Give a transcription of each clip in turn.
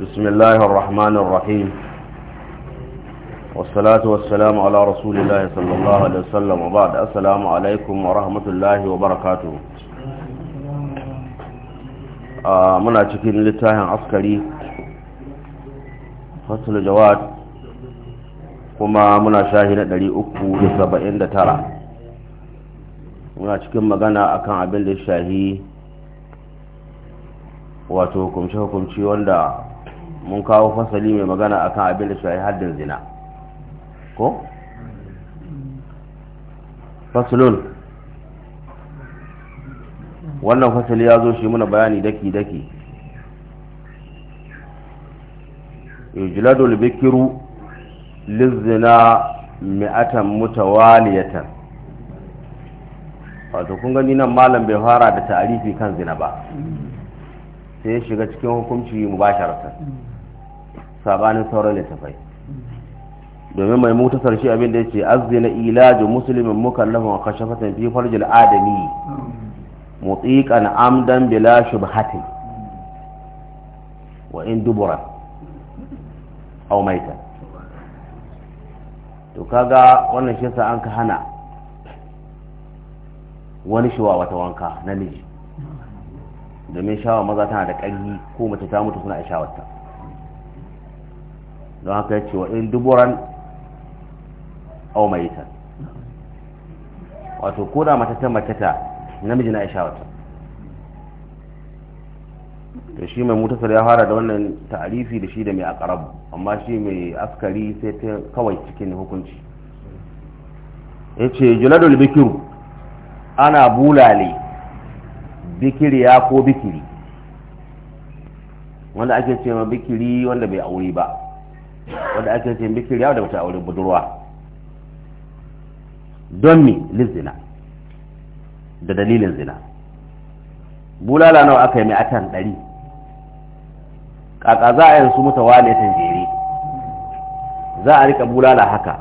بسم الله الرحمن الرحيم والصلاة والسلام على رسول الله صلى الله عليه وسلم وبعد السلام عليكم ورحمة الله وبركاته muna cikin littafin askari fasul jawad kuma muna shahi na 379 muna cikin magana akan abin da shahi wato hukumce hukumce wanda mun kawo fasali mai magana akan abin da shi haddin zina ko fasalun wannan fasali ya zo shi muna bayani daki-daki yujladul bikiru lizzina mi'atan mutawaliyatan wato kun gani nan malam bai fara da ta'arifi kan zina ba sai shiga cikin hukunci mu mubasharatan sabanin sauran littafai domin mai mutu sarshe abin da ya ce azina ilajin musulmin mukallafin kashafatan fi farjil adami mutsiqan amdan bila shubhati wa in dubura aw maita to kaga wannan shi an ka hana wani shiwa wata wanka na miji domin shawa maza tana da ƙarfi ko mace ta mutu suna shawarta don haka ya ce wa in duburan au wato ko da ta namiji na aisha wata to shi mai mutasar ya fara da wannan ta'arifi da shi da mai akarabu amma shi mai askari sai ta kawai cikin hukunci ya ce juladul bikiru ana bulale bikiriya ko bikiri wanda ake ce ma bikiri wanda bai aure ba wanda ake ce bikiriya da wata aure budurwa don mi lizina da dalilin zina bulala nawa aka yi mai atan ɗari kaka za a yansu ne tanjeri za a rika bulala haka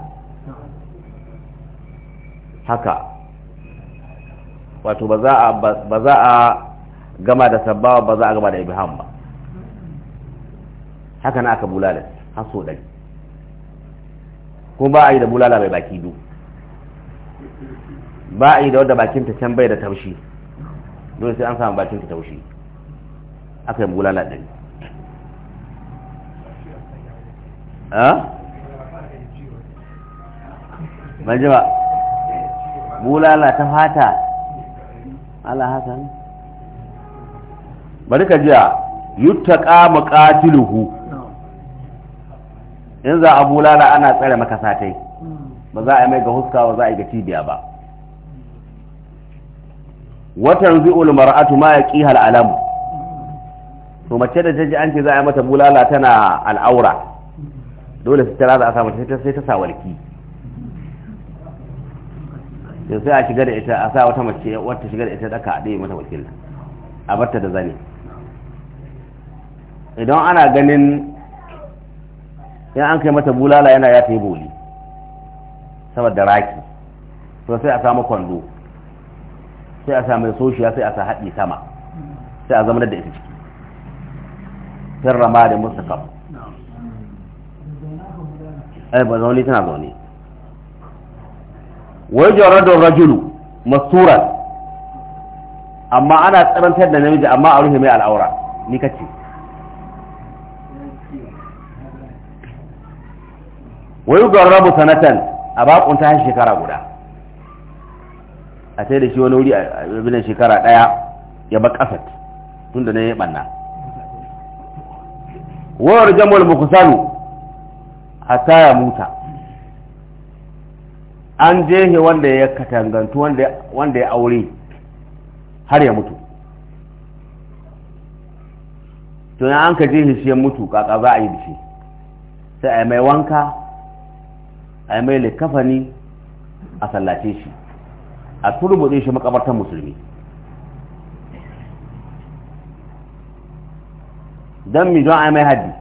haka wato ba za a gama da sabbawa ba za a gama da ibham ba haka na aka bulala har so ɗari ko ba a yi da bulala mai baki du ba a yi da wadda bakin ta can bai da taushi dole sai an samu bakin ta taushi aka yi bulala ɗari ban ji ba bulala ta fata ala hasan bari ka jiya yuttaka maqatiluhu in za a bulala ana tsare maka satai ba za a yi mai ga huska ba za a yi ga cibiya ba watan zi'ul mar'atu ma yaqi hal alam to mace da jaji an ce za a yi mata bulala tana al'aura dole su tara za a mata sai ta sa walki to sai a shiga da ita a sa wata mace wata shiga da ita daka a dai mata walkin a barta da zane idan ana ganin in an kai mata bulala yana ya ta yi boli saboda raki to sai a samu kwando sai a samu soshiya sai a sa haɗi sama sai a zama da ita ciki fin rama da mustaqab ai eh, ba zaune tana zaune wai jaradun rajulu masturan amma ana tsarantar da namiji amma a rufe mai al'aura ni kacce. wai rabu sanatan a bakunta har shekara guda a sai da shi wani wuri a bin shekara daya ya ba kasat tunda ne na ya banna wawar jamal mukusanu hatta ya muta an je he wanda ya katangantu wanda ya aure har ya mutu to an ka je shi ya mutu kaka za a yi da shi sai a mai wanka a yi mai likafani a sallace shi a turbuɗe shi makabartar musulmi don mi don a mai haddi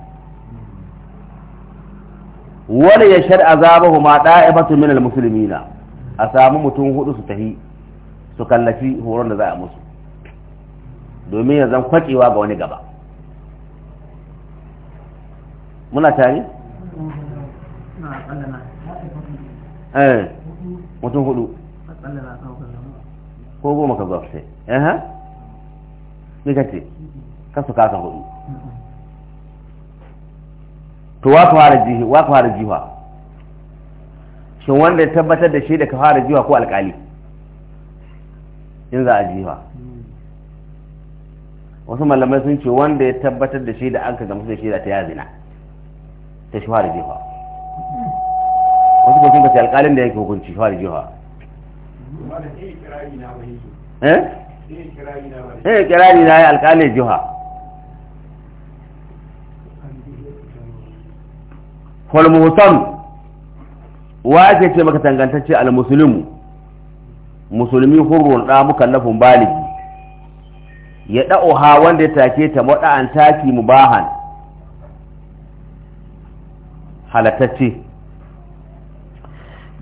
wani ya shar azabahu ma ɗa'ibatu min al na a samu mutum hudu su tafi su kallafi horon da za a musu domin ya zan kwacewa ga wani gaba muna tare? eh mutum hudu ko goma ka zuwa sai eh ha me kace kasu kasa hudu to wa ka fara jihi wa ka fara jiwa shin wanda ya tabbatar da shi da ka fara jiwa ko alkali in za a jiwa wasu malamai sun ce wanda ya tabbatar da shi da an ka gamsu da shi da ta yazina ta shi fara jiwa wasu kuma sun alƙalin da yake hukunci fara jiha eh, eh eh kirari na eh, alƙalin jiha falmutan wa ake ce maka tangantacce al musulmi musulmi hurrun da mukallafin baligi ya oha wanda ya take ta an taki mubahan halatacce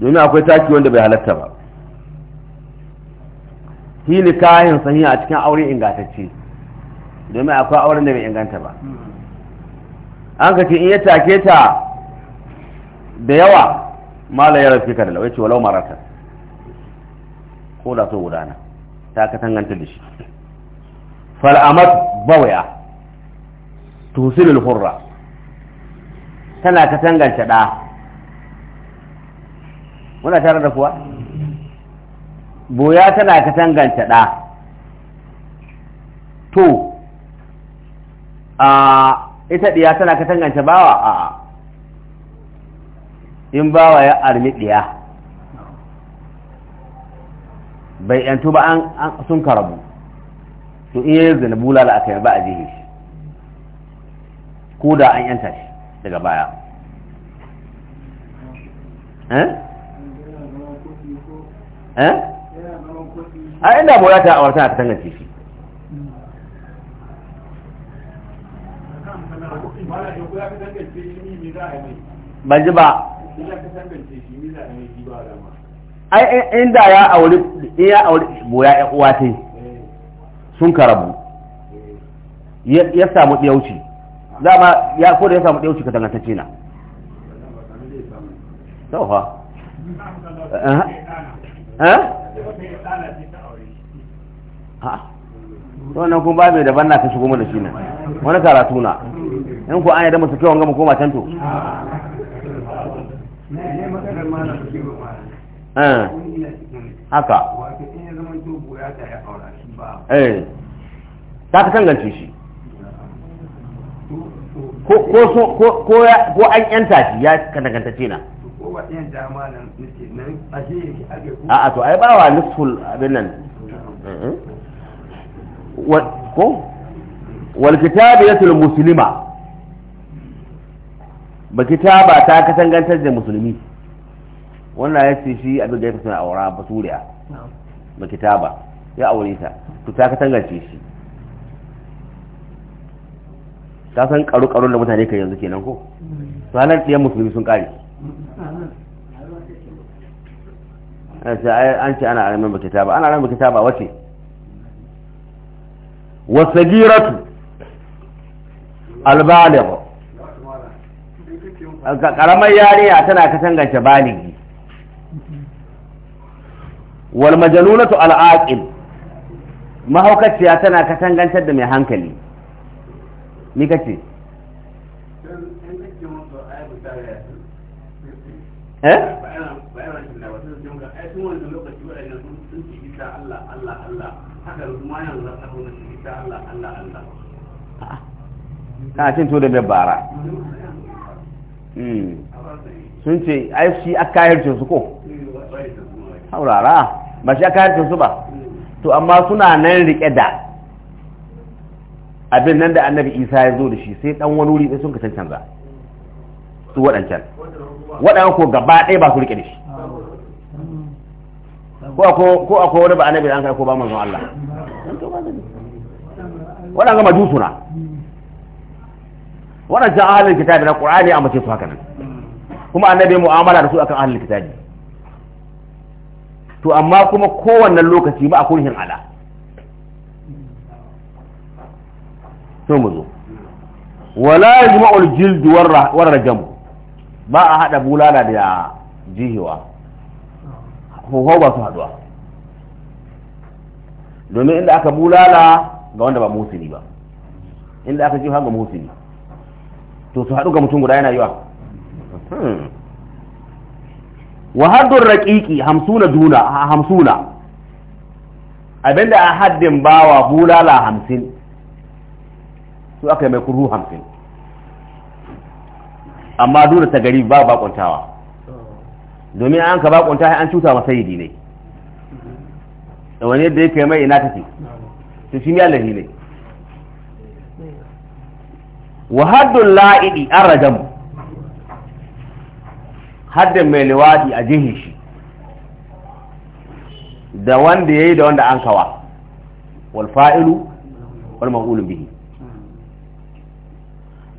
domin akwai taki wanda bai halatta ba shi kayan sahiha a cikin aure ingantacce domin akwai auren da bai inganta ba an ka ce in ya take ta da yawa mala ya rafi ka da lawai ce walau marata ko da so gudana ta ka tanganta da shi fal'amat bawaya tusilul hurra tana ka tanganta da muna tare da kuwa boya tana ta tanganta ɗa to a ita ɗiya tana ka tanganta bawa a in bawa ya armi ɗiya bai yantu ba an sun karabu to iya yanzu zina bulala aka yi ba a jihe shi ko da an yanta shi daga baya eh eh a inda mura ta awarta ta tangance shi ba ji ba ai inda ya auri ya auri boya ya uwa ce sun karabu ya samu ɗiyauci dama ya ko da ya samu dauci ka dangantacce na to fa wannan kun ba mai daban na ka shigo mana shi nan wani karatu na in ku an yi da masu kyau gama koma can eh. haka eh ta ka kangance shi ko an yanta shi ya ce na a'a to ai ba wa nisful abin nan mm-hmm. ko wal kitabiyatul muslima ba kitaba ta katangantar da musulmi wannan ya ce shi abin da ya kasance aura suriya. ba kitaba ya aure ta to ta katangance shi ta san karu-karun da mutane kan yanzu kenan ko sanar mm. ɗiyan musulmi sun kare. an ce ana alamin ba kitaba ana alamin kitaba wace wasagiratu albaligh karamar yariya tana katangance baligi wal majalunatu al'aqil mahaukaciya tana katangantar da mai hankali ni kace eh cikin wani lokaci waɗannan sun sun ci bisa Allah Allah Allah haka kuma yanzu za ta su ci bisa Allah Allah Allah kana cin to da dabbara hmm. sun ce ai shi aka yarce su ko haurara ba shi aka yarce su ba to amma suna nan riƙe da abin nan da annabi isa ya zo da shi sai dan wani wuri sun ka canza su waɗancan waɗannan ko gaba ɗaya ba su riƙe da shi ko akwai wani ba annabi an kai ko ba manzon Allah waɗanga majusu na waɗancan ahalin kitabi na ƙur'ani a mace su haka nan kuma annabi mu'amala da su akan ahalin kitabi to amma kuma kowannen lokaci ba a kurhin ala to mu zo wala yajma'ul jild war rajam ba a hada bulala da jihiwa hoho ba su haduwa domin inda aka bulala ga wanda ba musuni ba inda aka jiha ga musuni to su haɗu ga mutum guda yana yiwa hmm. wa haddun raƙiƙi hamsuna duna hamsuna abinda a haddin bawa bulala hamsin su aka yi mai kurhu hamsin amma duna ta gari ba kwantawa domin an ka bakunta an cuta masa yi ne da wani yadda ya kai mai ina take to shi ne Allah ne wa haddun la'idi an rajam haddin mai liwadi a jihin shi da wanda ya yi da wanda an kawa wal fa'ilu wal ma'ulun bihi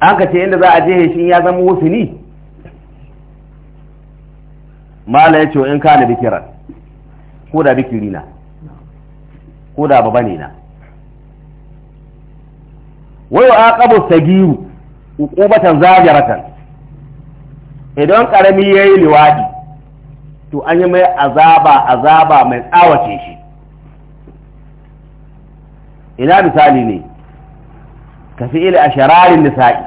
an ka ce inda za a jihin shi ya zama wasuni mala ya ce in kana bikiran ko da bikiri na ko da baba ne na wayo aqabu sagiru uqubatan zajaratan idan karami yayi liwadi to an yi mai azaba azaba mai tsawace shi ina misali ne ka fi fi'il ashararin nisa'i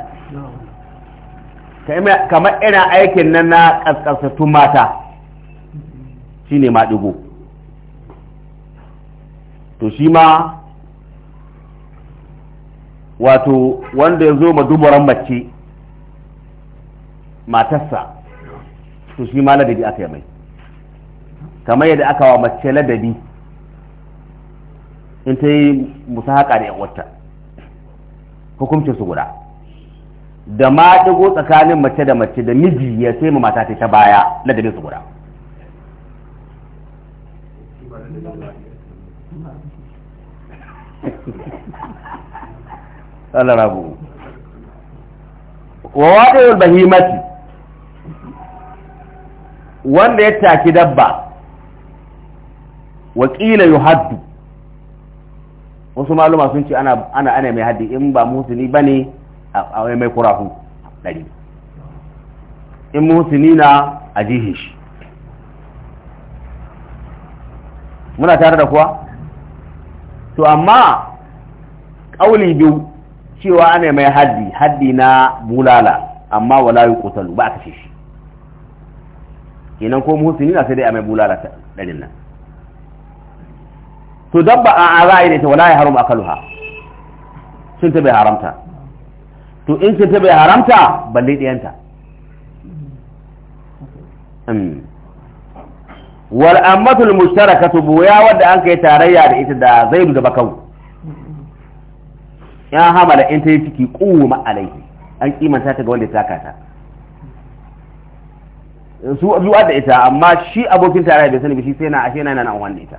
kamar ina aikin nan na kaskasatun mata Shi ne maɗigo, to shi ma wato wanda ya zo ma duburan mace matarsa to shi ma ladabi aka yi mai kamar yadda aka wa mace ladabi in ta yi musahaka da yawarta hukuncin su guda da maɗigo tsakanin mace da mace da miji ya sai ma mata ta baya ladabin su guda Allah rabu wa waɗewar bahimati wanda ya taki dabba wakila yu haddu wasu maluma sun ce ana ana mai haddi in ba muhsini ba ne a wani mai kurafu ɗari in muhsini na a shi muna tare da kuwa to amma ƙauli biyu cewa ana mai haddi haddi na bulala amma wala yi kutalu ba a kashe shi kenan ko muhsini na sai dai a mai bulala ta ɗarin nan to dabba a ra'ayi da ita wala ya haram ha sun ta bai haramta to in sun ta bai haramta balle ɗayanta mm. wal ammatul mushtarakatu buya wadda an kai tarayya da ita da zaidu da bakau ya hamala in ta yi ciki kuwa alaihi an kimanta ta ga wanda ya saka ta su zuwa da ita amma shi abokin tarayya bai sani ba shi sai na ashe na nan wanda ita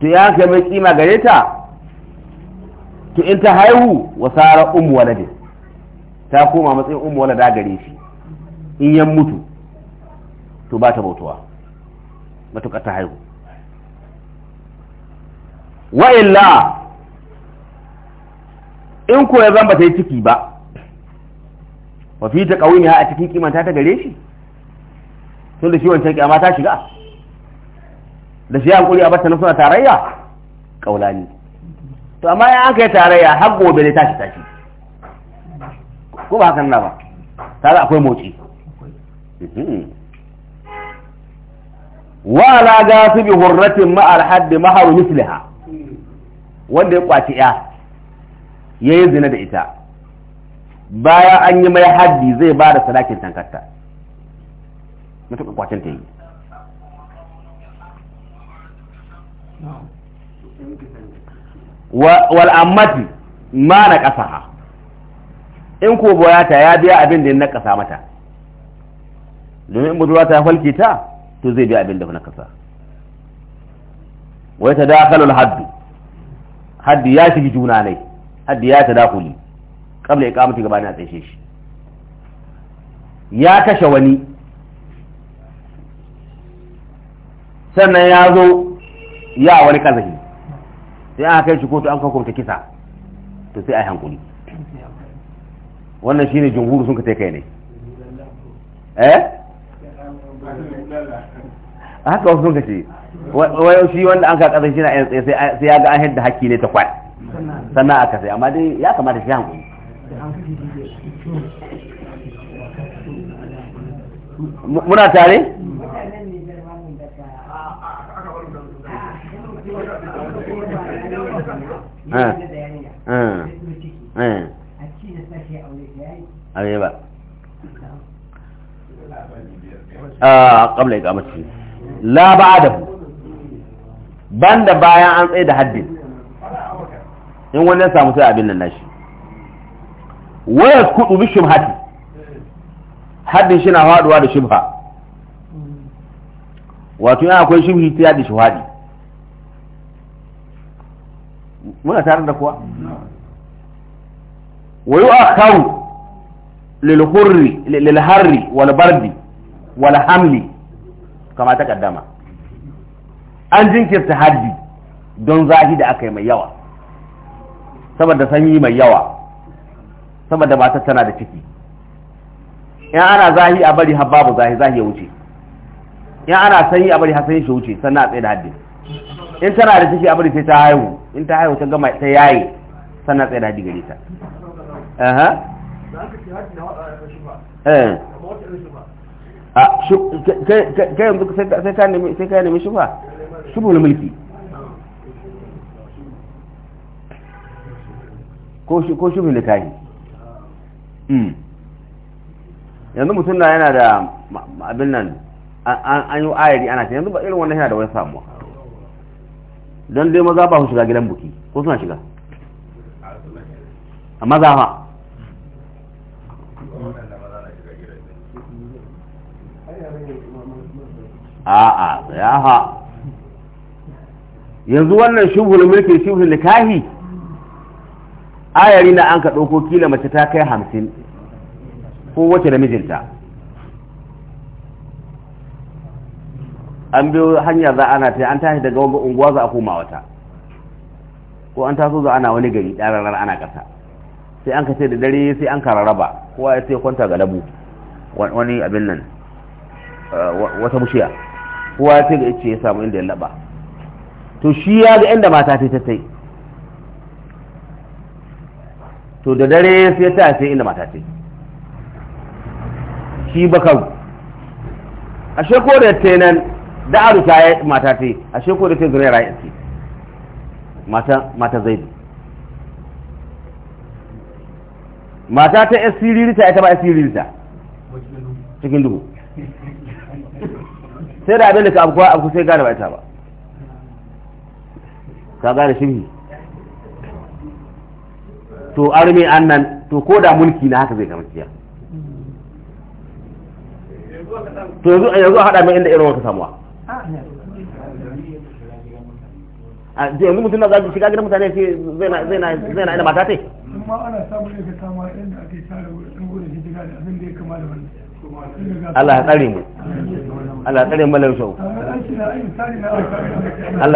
to ya kai mai kima gare ta to in ta haihu wa sara ummu walade ta koma matsayin ummu walada gare shi in yan mutu to ba ta bautuwa matuƙar ta haihu wa illa in ko ya zan ba ta yi ciki ba wa fi ta kawuni a cikin kimanta ta gare shi tun da shi wancan kyama ta shiga da shi hankuri a batta na suna tarayya kaulani to amma ya aka yi tarayya har gobe ne tashi tashi ko ba hakan na ba tare akwai motsi mhm. wa ala gasu bi hurratin ma'al haddi maharu misliha wanda ya kwaci ya ya yi zina da ita baya an yi mai haddi zai ba da sadakin tankarta matuƙa kwacin ta yi wal'ammati ma na ƙasa in ko boyata ya biya abin da na ƙasa mata domin in budurwa ta falke ta to zai biya abin da na ƙasa wai ta dakalul haddu haddi ya shigi juna ne hadda ya ta tadakuli qabla iqamati gabanin a tsaye shi ya kashe wani sannan ya zo ya wani kazahi sai aka kai shi kotu an hukunta kisa to sai a yi hankuli wannan shine jumhur sun ka ta kai ne eh haka wasu sun ka ce wai shi wanda an ka shi na tsaye sai ya ga an hidda hakki ne ta kwai sannan aka sai amma dai ya kamata shi hankali muna tare eh, eh, eh. Aye ba. A ah, ƙamla ya ƙamaci. La ba da banda bayan an tsaye da haddin. in wani ya samu sai abin nan nashi waya kudu bi shubhati haddin shi na faduwa da shubha wato yana akwai shubhi ta yadda shuhadi muna tare da kuwa wa yu'akharu lil hurri lil harri wal bardi wal hamli kama kaddama an jinkirta haddi don zahi da aka yi mai yawa saboda sanyi mai yawa saboda matar tana da ciki in ana zahi a bari har babu zahi zahi ya wuce in ana sanyi a bari har sanyi shi wuce sannan a tsaye da haddin in tana da ciki a bari sai ta haihu in ta haihu ta gama ta yaye sannan tsaye da haddi gare ta eh. a kai yanzu sai ka nemi shufa shubul mulki ko shi ko hmm. yanzu mutum na yana da abin nan an yi ayari ana yanzu ba irin wannan yana da wani samuwa don dai maza ba su shiga gidan buki ko suna shiga a maza ha a'a ya ha yanzu wannan shubhul mulki shubhul nikahi ayari na an ka ɗauko kila mace ta kai hamsin ko wace da mijinta an biyo hanya za ana ta an tashi daga wanga unguwa za a koma wata ko an taso za ana wani gari ɗararar ana ƙasa sai an kashe da dare sai an kararraba kowa ya sai kwanta ga labu wani abin nan uh, wata bushiya kowa ya sai ga ice ya samu inda ya laba to shi ya ga inda mata ta ta to da dare sai ta sai inda mata ce shi bakau a ko da ta nan da aru ta yi mata ce a ko da ta zuriya rayu ce mata mata zaidu mata ta ya ita ba siririta cikin dubu sai da abin da ka abu kuwa abu sai gane ba ita ba ka gane shirhi to arme annan to ko da mulki na haka zai kama to yanzu a haɗa mai inda irin wata samuwa a yanzu mutum na zaji shiga gidan mutane ce zai na ina mata tai ma ana samun inda ake wurin da abin da ya kama da wannan Allah ya tsare mu Allah ya tsare mu Allah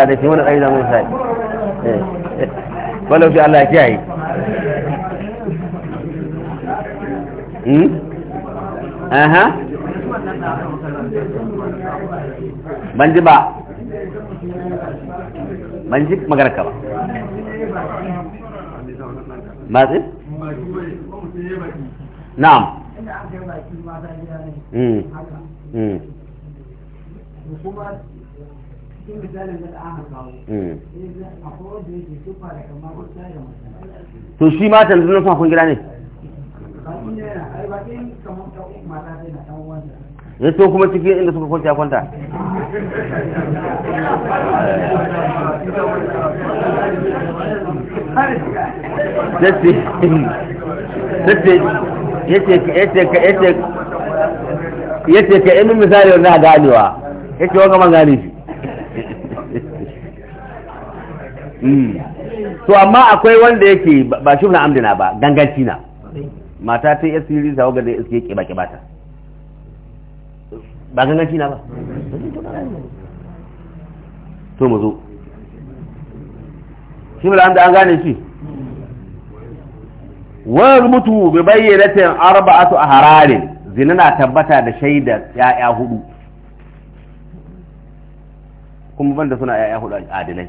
da shi wani tsare da mun eh. Allah ya kiyaye Hmm? aha ban ji ba ban ji ba na'am hmm. Hmm. to shi ma yanzu na gida ne ne to kuma cikin inda suka kwanta kwanta ya ce ka inu misali a ganewa ya ce wanga man gane shi hmm. to amma akwai wanda yake ba shi na amdina ba ganganci na mata ta yi siri sawa ga da iske kiba kiba ba ganganci na ba to mu zo shi bala da an gane shi wani mutu bai bayyanatin arba'atu a hararin zina na tabbata da shaida ya'ya hudu kuma banda suna ya'ya hudu adilai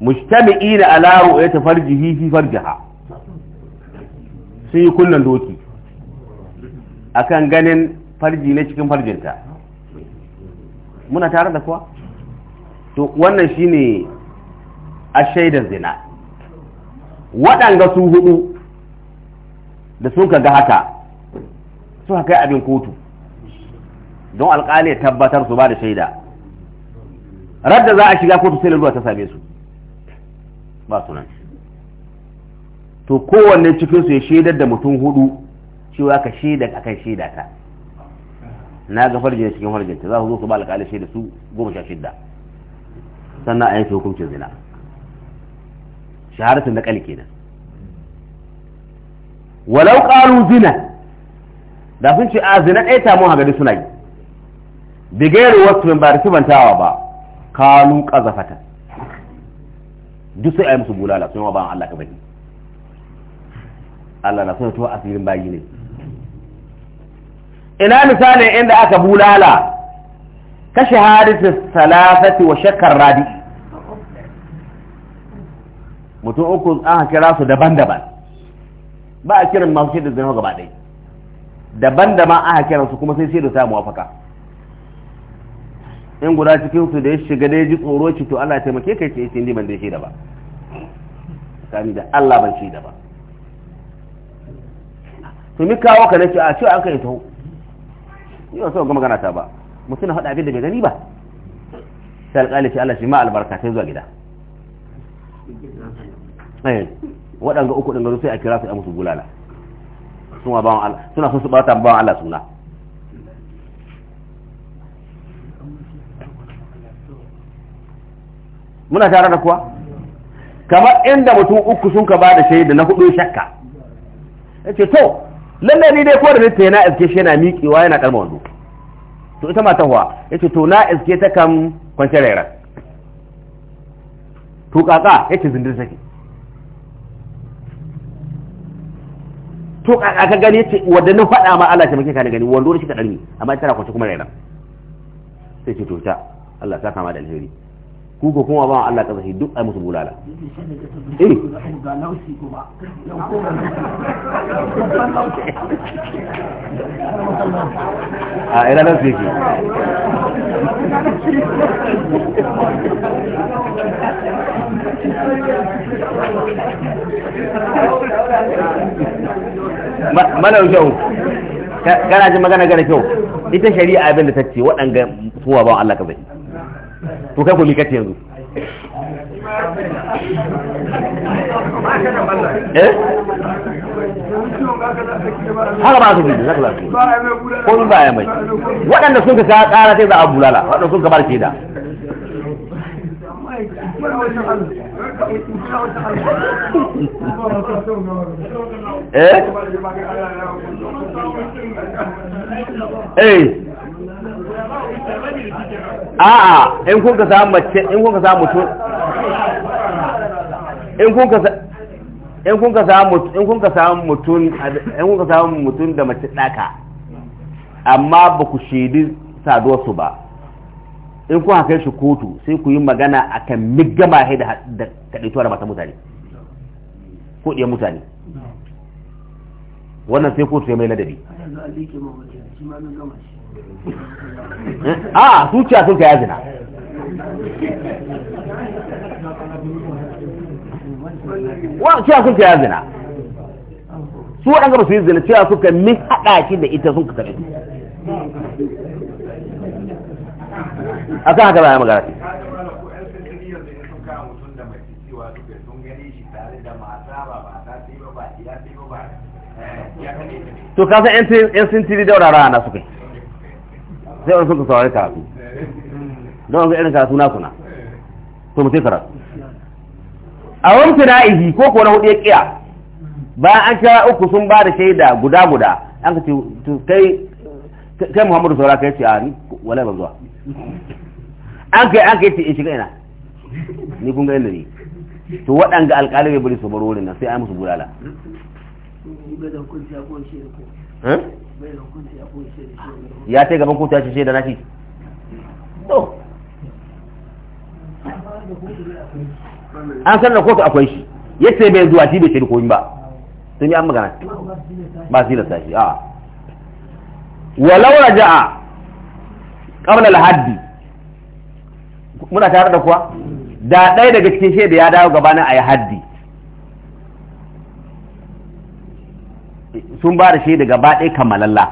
mujtami'ina ala ru'yati farjihi fi farjiha sun yi kunnan doki kan ganin farji na cikin farjinta muna tare da kuwa to wannan shine a shaidar zina waɗanga su hudu da sun ka ga haka su haka abin kotu don alƙali ya tabbatar su ba da shaida radda za a shiga kotu sai zuwa ta same su ba sunan to kowanne cikin su ya shaidar da mutum hudu cewa ka shaida kan shaida ta na ga farjin cikin farjin ta za su zo su ba alƙali shaida su goma sha shidda sannan a yanke hukuncin zina shaharatun da ƙali kenan walau ƙaru zina da sun ce a zina ɗaya ta mun gari suna yi bigayar wasu ba da kibantawa ba kanu ƙazafata duk sai a yi musu bulala sun yi wa ba Allah ka bari Allah na so to asirin bayi ne ina misalin inda aka bulala ka shahadatu salasati wa shakkar radi? mutum uku an kira su daban-daban ba a kiran masu shaidar zama gaba ɗaya daban-daban aka kiran su kuma sai sai da ta muwafaka in guda cikin su da ya shiga da ya ji tsoro ci to Allah ya taimake kai ce yace ni ban da shaida ba sani da Allah ban shaida ba to mi kawo ka nace a ce an kai taho ni ba so ga magana ta ba mutum na faɗa abin da bai gani ba sai alƙali ce Allah shi ma albarka sai zuwa gida eh waɗanga uku ɗin sai a kira su a musu bulala suna bawan Allah suna so su bata bawan Allah suna muna tare da kuwa kamar inda mutum uku sun ka ba da shaida na hudu shakka yace to lalle ni dai ko da nita yana iske shi yana miƙewa yana kalma wando to ita mata huwa yace to na iske ta kan kwance rairar to kaka yace zindir sake to kaka ka gani yace wadda na faɗa ma Allah ce muke kane gani wando shi ka dalmi amma na kwance kuma rairar sai ce to ta Allah ta kama da alheri ku ko kuma ba Allah ka duk ai musu bulala eh a ina nan sai mana kyau kana ji magana gana kyau ita shari'a abin da ta ce waɗanga suwa ba Allah ka to kai ko mi kace yanzu eh haka ba su biyu zaka lafi ko ba ya mai waɗanda sun ka kara sai za a bulala waɗanda sun ka bar ke da eh eh a'a in kun ka samu mace in kun ka samu mutum in kun ka in kun ka samu in kun ka samu mutum in kun ka samu mutum da mace daka amma ba ku shaidi saduwar su ba in kun haka shi kotu sai ku yi magana akan migama he da da da mata mutane ko diyan mutane wannan sai kotu ya mai ladabi a zuciya sun ka ya zina wa cewa sun ka ya zina su waɗanda ba su yi zina cewa suka min haɗa shi da ita sun ka kashe a kan haka bayan magana ce to kasan 'yan sintiri daura rana suka yi sai wani suka saurari karatu don wani irin karatu na suna to mutai karatu a wani izi ko kuwa na hudu ya kiya bayan an kira uku sun ba da shaida guda guda an kace kai kai muhammadu saura kai ce a ni wala ban zuwa an kai an kai ce in shiga ina ni kun ga inda ni to waɗanga alƙalibai bari su baro wurin nan sai an musu bulala ya ce gaban kotu ya ce shaida na shi to an san da kotu akwai shi ya ce bai zuwa shi bai ce komi ba sun yi an magana ba su yi da sashi a walau raja'a qabla al-haddi muna tare da kuwa da ɗaya daga cikin shaida ya dawo gabanin a yi haddi sun ba da shi da gaba ɗaya kamalalla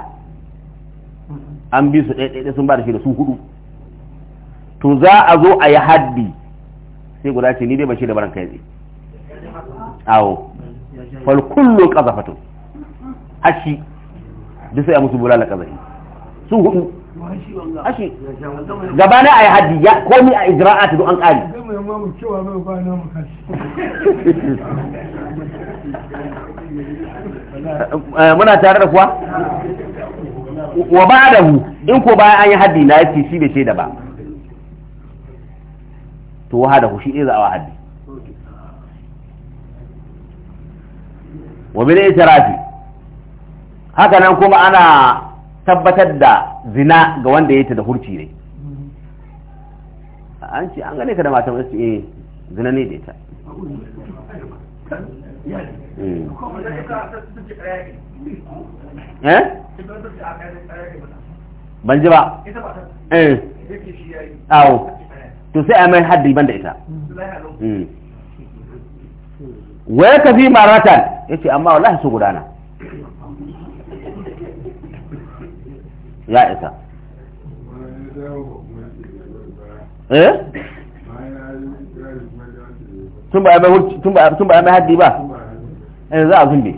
an bi su ɗaya sun ba da shi da su hudu to za a zo a yi haddi sai guda ce ni dai ba shi da baran kai tsaye awo fal kullu qazafatu ashi duk sai a musu bulala qazafi su hudu ashi gaba na ayi haddi ya komi a ta do an kari Eh, muna tare da kuwa wa ba da hu in ko bayan an yi haddi na yake shi bai shaida ba to wa da hu shi ne za a haddi wa ita rafi haka nan kuma ana tabbatar da zina ga wanda ya ta da hurci ne an ce an gane ka da matan wasu eh zina ne da ita Eh? ban ji ba eh. awo to sai a mai haddi ban da ita hmm. waya ka fi maratan ya ce amma wallahi su gudana ya isa eh tun ba a mai haddi ba yanzu eh, za a zumbe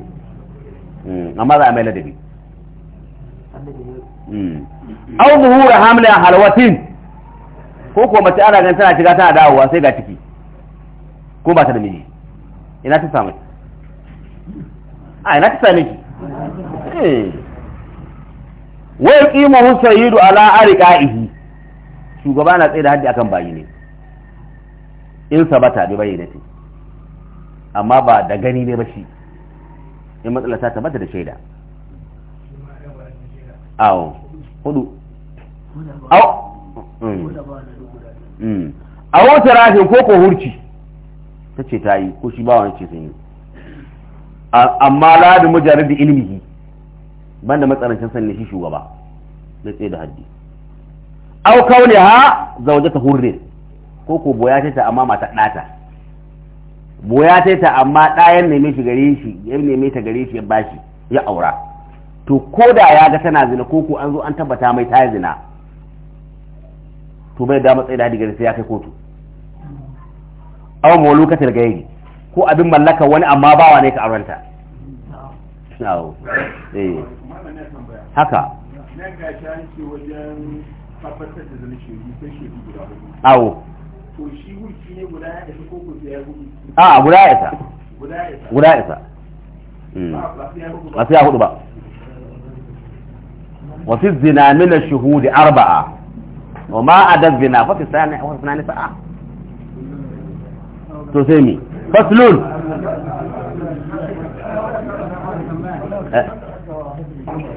hmm, amma za a mai ladabi hmm. au zuhura a halwatin ko ko mace ana gan tana shiga tana dawowa sai ga ciki ko ba ta da miji ina ta samu a ina ta same ki eh. wai kima husayidu ala arqaihi shugaba na tsaye da haddi akan bayi ne in sabata bi bayyinati amma ba da gani ne ba shi in matsala ta tabbata da shaida awo hudu awo mm, mm. a wata rafin ko ko hurci ta ce ta yi ko shi ba wani ce sun yi amma ladin mujarar da ilimi ban da matsanancin sanin shi shugaba na tsaye da haddi au kaune ha zaune ta hurrin ko ko boya ta ta amma mata ɗata boya ta ta amma ɗayan neme shi gare shi ya neme ta gare shi ya bashi ya aura to ko da ya ga tana zina ko ko an zo an tabbata mai ta zina to bai da matsayi da digari sai ya kai kotu aw mawlukatil gairi ko abin mallaka wani amma bawa ne ka aurenta eh, haka ga shi awo to shi wurki ne guda ya isa ko ku ya hudu a guda ya isa guda ya isa hmm. ba ya hudu ba وفي الزنا من الشهود أربعة وما عدا الزنا ففي